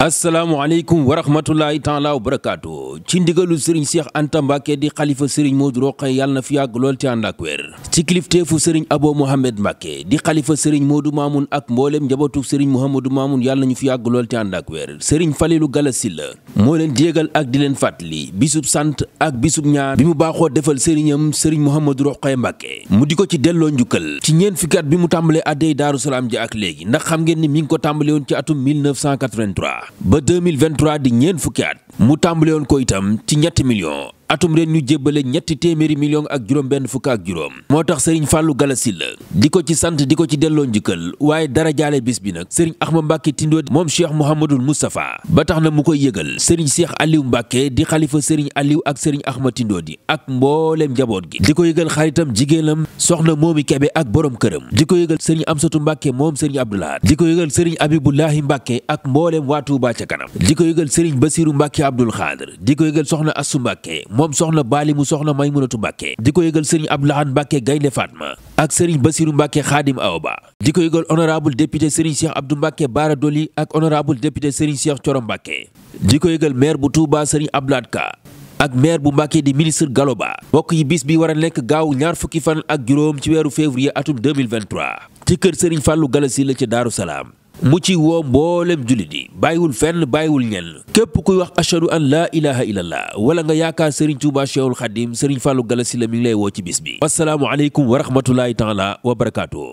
asalaamaaleykum wa rahmatulahi taala wa barakaatu ci ndigalu Serigne Cheikh Anta Mbacke di xalifa Serigne Modou Rokhaya yàlla na fi yàgg lool te ànd ak wér ci kilifteefu Serigne Abo Mohamed Mbacke di xalifa Serigne Modou Mamoun ak mboolem njabootu Serigne Mouhamadou Mamoun yàlla na ñu fi yàgg lool te ànd ak wér Serigne gala Galassi la moo leen jéegal ak di leen fàttali bisub sant ak bisub ñaar bi mu baaxoo defal Serigneam Serigne Mouhamadou Rokhaya mbake mu di ko ci delloo njukkal ci ñeent fukki at bi mu tàmbalee addey Daaru Salaam ji ak ndax xam ngeen ni mi ngi ko tàmbale woon ci atum 1983 ba 2023 di ñeent fukki at mu tàmbale woon ko itam ci ñetti millions atum ren ñu jébbale ñetti téeméeri million ak juróom benn fukk ak juróom moo tax sëriñ Fallou Galassi la di ko ci sant di ko ci delloo njëkkal waaye dara jaale bis bi nag sëriñ Axma Mbàkke Tindodi moom Cheikh Mouhamadul Moustapha ba tax na mu koy yëgal sëriñ Cheikh Aliou Mbàkke di xalifa sëriñ Aliou ak sëriñ Axma Tindodi ak mbooleem njaboot gi di ko yëgal xaritam jigéenam soxna Moomi Kebe ak boroom këram di ko yëgal sëriñ Amsatu Mbàkke moom sëriñ Abdoulahat di ko yëgal sëriñ Abibullahi Mbàkke ak mbooleem waa Tuubaa kanam di ko yëgal sëriñ Basiru Mbàkke Abdul Xaadir di ko yëgal soxna Assu Mbàkke moom soxna baali mu soxna Maymunatu Mbàkke di ko yëgal sëriñ Abdou Lahad Mbàkke Gaynde Fatma ak sëriñ Basiru Mbàkke Xaadim Aoba di ko yëgal honorable député sëriñ Cheikh Abdou Mbàkke Baara Doli ak honorable député sëriñ Cheikh Coro Mbàkke di ko yëgal maire bu Touba sëriñ Abdou Lahad Ka ak maire bu Mbàkke di ministre Galoba mbokk yi bis bi war a nekk gaaw ñaar fukki fan ak juróom ci weeru février atum 2023 ci kër sëriñ Fàllu Galasi la ci Daaru Salaam mu ci woo mboolem jullit yi bàyyiwul fenn bàyyiwul ñenn képp kuy wax ashadu an laa ilaha illallah wala nga yaakaar Serigne Touba Cheikhul Khadim Serigne Fallou Galassi la mi woo ci bis bi wasalaamu aleykum wa rahmatullahi taala wa barakaatu.